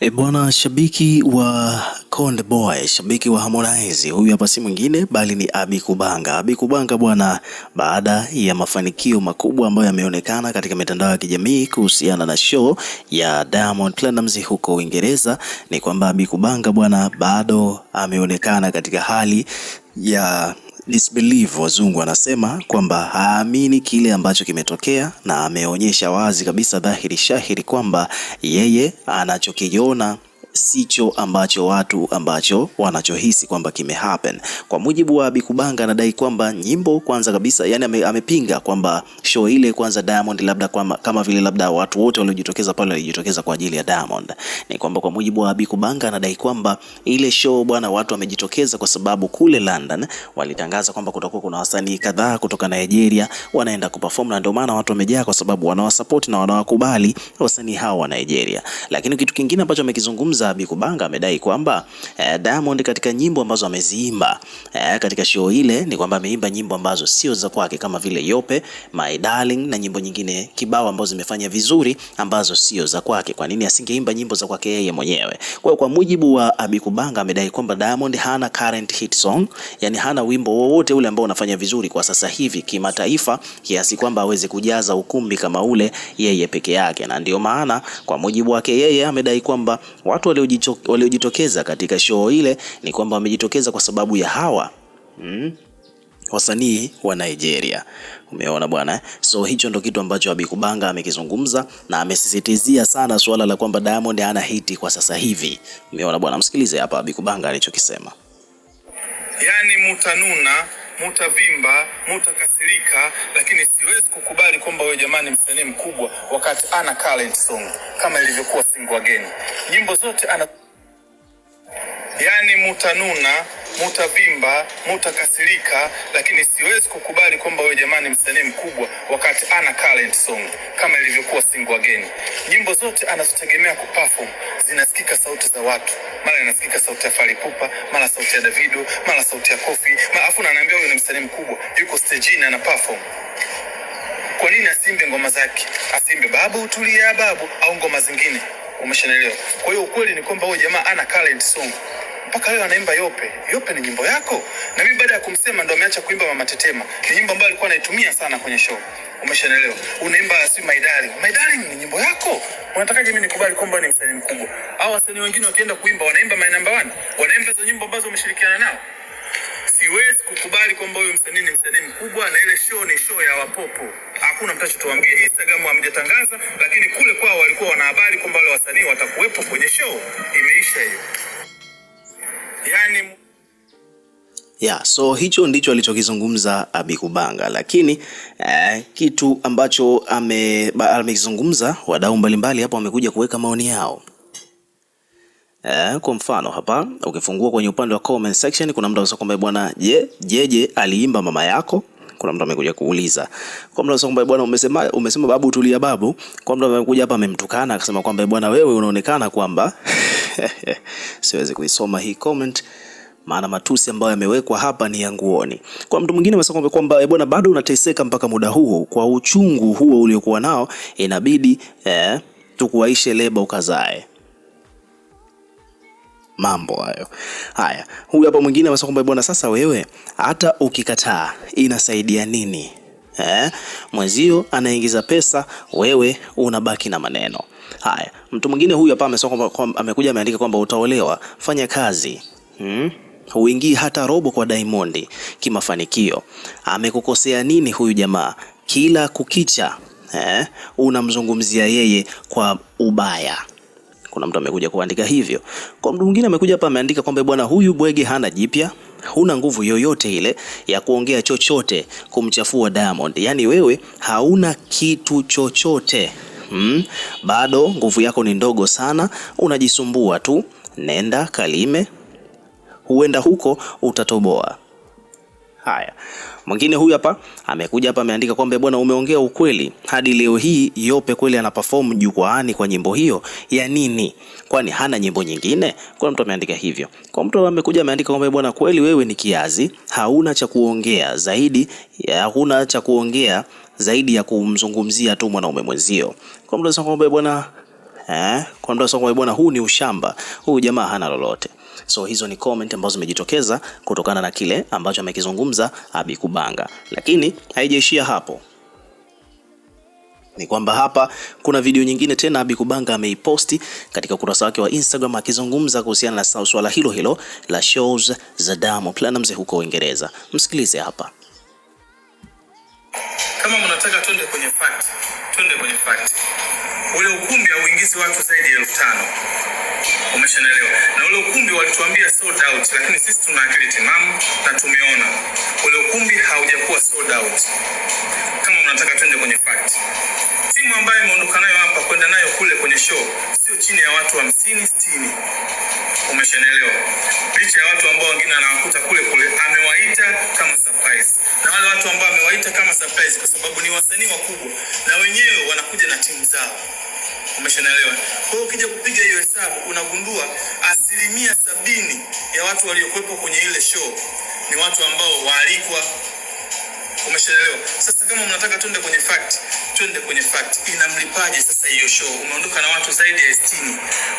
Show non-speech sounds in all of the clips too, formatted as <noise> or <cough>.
E bwana, shabiki wa Konde Boy, shabiki wa Harmonize, huyu hapa si mwingine bali ni Abi Kubanga. Abi Kubanga bwana, baada ya mafanikio makubwa ambayo yameonekana katika mitandao ya kijamii kuhusiana na show ya Diamond Platnumz huko Uingereza, ni kwamba Abi Kubanga bwana bado ameonekana katika hali ya disbelief wazungu anasema kwamba haamini kile ambacho kimetokea, na ameonyesha wazi kabisa dhahiri shahiri kwamba yeye anachokiona sicho ambacho watu ambacho wanachohisi kwamba kime happen. Kwa mujibu wa Bikubanga anadai kwamba nyimbo kwanza kabisa, yani ame, amepinga kwamba show ile kwanza Diamond labda kama, kama vile labda watu wote waliojitokeza pale walijitokeza kwa ajili ya Diamond. Ni kwamba kwa mujibu wa Bikubanga anadai kwamba ile show bwana, watu wamejitokeza kwa sababu kule London walitangaza kwamba kutakuwa kuna wasanii kadhaa kutoka Nigeria wanaenda kuperform, na ndio maana watu wamejaa kwa sababu wanawasupport na wanawakubali wasanii hao wa Nigeria. Lakini kitu kingine ambacho amekizungumza kwanza Bikubanga amedai kwamba eh, Diamond katika nyimbo ambazo ameziimba eh, katika show ile ni kwamba ameimba nyimbo ambazo sio za kwake kama vile Yope, My Darling na nyimbo nyingine kibao ambazo zimefanya vizuri ambazo sio za kwake. Kwa nini asingeimba nyimbo za kwake yeye mwenyewe? Kwa kwa mujibu wa Bikubanga uh, amedai kwamba Diamond hana current hit song, yani hana wimbo wowote ule ambao unafanya vizuri kwa sasa hivi kimataifa kiasi kwamba aweze kujaza ukumbi kama ule yeye peke yake, na ndio maana kwa mujibu wake yeye amedai kwamba watu waliojitokeza katika show ile ni kwamba wamejitokeza kwa sababu ya hawa hmm? wasanii wa Nigeria. Umeona bwana, eh? so hicho ndo kitu ambacho Abikubanga amekizungumza na amesisitizia sana suala la kwamba Diamond ana hiti kwa sasa hivi. Umeona bwana, msikilize hapa Abikubanga alichokisema. Yani mutanuna mutavimba, mutakasirika, lakini siwezi kukubali kwamba wewe jamani, msanii mkubwa wakati ana current song kama ilivyokuwa single again. Nyimbo zote ana yani, mutanuna mutavimba mutakasirika, lakini siwezi kukubali kwamba wewe jamani, msanii mkubwa wakati ana current song kama ilivyokuwa single again. Nyimbo zote anazotegemea kuperform, zinasikika sauti za watu, mara inasikika sauti ya Fally Ipupa, mara sauti ya Davido, mara sauti ya kofi alafu anaambia huyu ni msanii mkubwa, yuko stejini ana perform. Kwa nini asimbe ngoma zake? Asimbe babu utulia babu, au ngoma zingine? Umeshanelewa? Kwa hiyo ukweli ni kwamba huyo jamaa ana current song mpaka leo anaimba yope yope. Ni nyimbo yako? Na mimi baada ya kumsema ndo ameacha kuimba mama Tetema. Ni nyimbo ambayo alikuwa anaitumia sana kwenye show, umeshanelewa. Unaimba si my darling, my darling ni nyimbo yako. Unatakaje mimi nikubali kwamba ni msanii mkubwa? au wasanii wengine wakienda kuimba wanaimba my number one, wanaimba hizo nyimbo ambazo umeshirikiana nao. Siwezi kukubali kwamba huyu msanii ni msanii mkubwa, na ile show ni show ya wapopo. Hakuna mtachotuambia. Instagram hamjatangaza, lakini kule kwao walikuwa wana habari kwamba wale wasanii watakuwepo kwenye show. Imeisha hiyo gani? Yeah, so hicho ndicho alichokizungumza Abikubanga, lakini eh, kitu ambacho amekizungumza ame wadau mbalimbali hapo wamekuja kuweka maoni yao. Eh, kwa mfano hapa ukifungua kwenye upande wa comment section kuna mtu anasema kwamba bwana, je, Jeje aliimba mama yako kuna mtu amekuja kuuliza kwa mtu kwamba bwana, umesema umesema babu tulia babu. Kwa mtu amekuja hapa amemtukana akasema kwamba eh, bwana, wewe unaonekana kwamba <laughs> siwezi kuisoma hii comment maana matusi ambayo yamewekwa hapa ni ya nguoni. Kwa mtu mwingine amesema kwamba eh, bwana, bado unateseka mpaka muda huo, kwa uchungu huo uliokuwa nao inabidi eh, tukuwaishe leba ukazae. Mambo hayo haya. Huyu hapa mwingine anasema kwamba bwana, sasa wewe hata ukikataa inasaidia nini eh? Mwenzio anaingiza pesa, wewe unabaki na maneno haya. Mtu mwingine huyu hapa amesema kwamba amekuja ameandika kwamba utaolewa, fanya kazi hmm? Huingii hata robo kwa Diamond kimafanikio. Amekukosea nini huyu jamaa? Kila kukicha eh, unamzungumzia yeye kwa ubaya. Kuna mtu amekuja kuandika hivyo. Kwa mtu mwingine amekuja hapa ameandika kwamba bwana, huyu bwege hana jipya, huna nguvu yoyote ile ya kuongea chochote kumchafua Diamond. Yaani wewe hauna kitu chochote mm, bado nguvu yako ni ndogo sana, unajisumbua tu, nenda kalime, huenda huko utatoboa. Haya, mwingine huyu hapa amekuja hapa ameandika kwamba bwana, umeongea ukweli. Hadi leo hii Yope kweli ana perform jukwaani kwa nyimbo hiyo ya nini? Kwani hana nyimbo nyingine? Kuna mtu ameandika hivyo. Kwa mtu amekuja ameandika kwamba bwana, kweli wewe ni kiazi, hauna cha kuongea zaidi, hakuna cha kuongea zaidi ya kumzungumzia tu mwanaume mwenzio. Kwa mtu anasema kwamba bwana eh, kwa mtu anasema kwamba bwana, huu ni ushamba, huyu jamaa hana lolote. So hizo ni comment ambazo zimejitokeza kutokana na kile ambacho amekizungumza Abi Kubanga, lakini haijaishia hapo ni kwamba hapa kuna video nyingine tena Abi Kubanga ameiposti katika ukurasa wake wa Instagram akizungumza kuhusiana na swala hilo hilo la shows za Diamond Platnumz huko Uingereza. Msikilize hapa. Kama mnataka twende kwenye fact, twende kwenye fact ule ukumbi hauingizi watu zaidi ya elfu tano umeshanelewa, na ule ukumbi walituambia sold out, lakini sisi tuna akili timamu na tumeona ule ukumbi haujakuwa sold out. Kama mnataka twende kwenye fact, timu ambayo imeondoka nayo hapa kwenda nayo kule kwenye show sio chini ya watu hamsini wa sitini, umeshanelewa na wenyewe wanakuja na timu zao. Umeshanaelewa? Kwa hiyo ukija kupiga hiyo hesabu unagundua asilimia sabini ya watu waliokuwepo kwenye ile show ni watu ambao waalikwa. umeshaelewa Sasa kama mnataka twende kwenye fact, twende kwenye fact. Inamlipaje sasa hiyo show? Umeondoka na watu zaidi ya 60.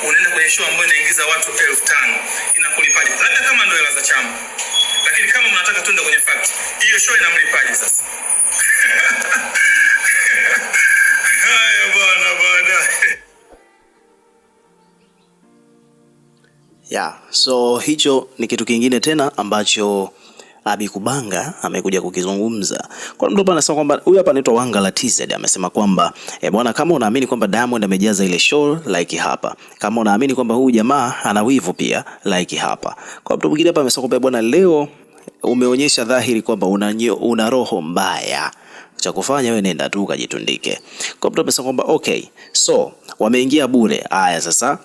Unaenda kwenye show ambayo inaingiza watu 1500 Inakulipaje? Labda kama ndio hela za chama. Lakini kama mnataka twende kwenye fact, hiyo show inamlipaje sasa? <laughs> Haya bwana, baadaye yeah. So hicho ni kitu kingine tena ambacho abi kubanga amekuja kukizungumza. Kwa mdopa anasema kwamba huyu hapa anaitwa Wanga la TZ amesema kwamba e, bwana kama unaamini kwamba Diamond amejaza ile show like hapa. Kama unaamini kwamba huyu jamaa ana wivu pia like hapa. Kwa mtu mwingine hapa amesema kwamba bwana, leo umeonyesha dhahiri kwamba una, una roho mbaya cha kufanya wewe nenda tu ukajitundike. Kwa mtu amesema kwamba okay, so wameingia bure. Aya, sasa,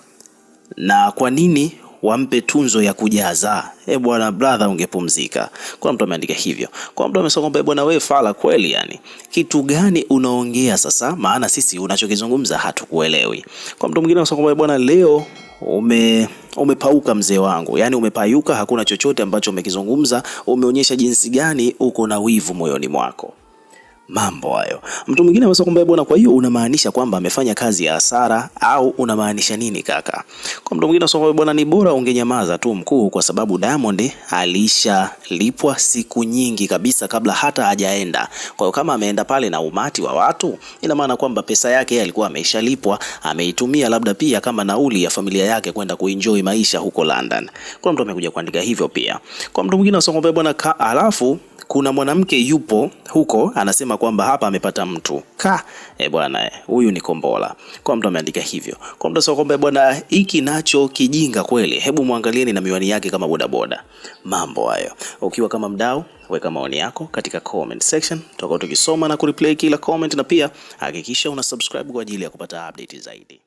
na kwa nini wampe tunzo ya kujaza? Eh bwana brother, ungepumzika. Kuna mtu ameandika hivyo. Kwa mtu amesema kwamba eh, bwana, wewe fala kweli, yani kitu gani unaongea sasa? Maana sisi unachokizungumza hatukuelewi. Kwa mtu mwingine anasema kwamba eh, bwana, leo ume umepauka mzee wangu, yaani umepayuka, hakuna chochote ambacho umekizungumza. Umeonyesha jinsi gani uko na wivu moyoni mwako mambo hayo. Mtu mwingine amesema kwamba bwana, kwa hiyo unamaanisha kwamba amefanya kazi ya hasara au unamaanisha nini kaka? Kwa mtu mwingine anasema bwana, ni bora ungenyamaza tu mkuu, kwa sababu Diamond alishalipwa siku nyingi kabisa kabla hata hajaenda. Kwa hiyo kama ameenda pale na umati wa watu, ina maana kwamba pesa yake alikuwa ameshalipwa, ameitumia labda pia kama nauli ya familia yake kwenda kuenjoy maisha huko London. Kuna mtu amekuja kuandika hivyo pia. Kwa mtu mwingine anasema bwana, alafu kuna mwanamke yupo huko anasema kwamba hapa amepata mtu ka e bwana eh, huyu ni kombola. Kwa mtu ameandika hivyo, kwa mtu sio kwamba bwana, hiki nacho kijinga kweli. Hebu mwangalieni na miwani yake kama bodaboda. Mambo hayo, ukiwa kama mdau, weka maoni yako katika comment section, tutakuwa tukisoma na kureplay kila comment, na pia hakikisha una subscribe kwa ajili ya kupata update zaidi.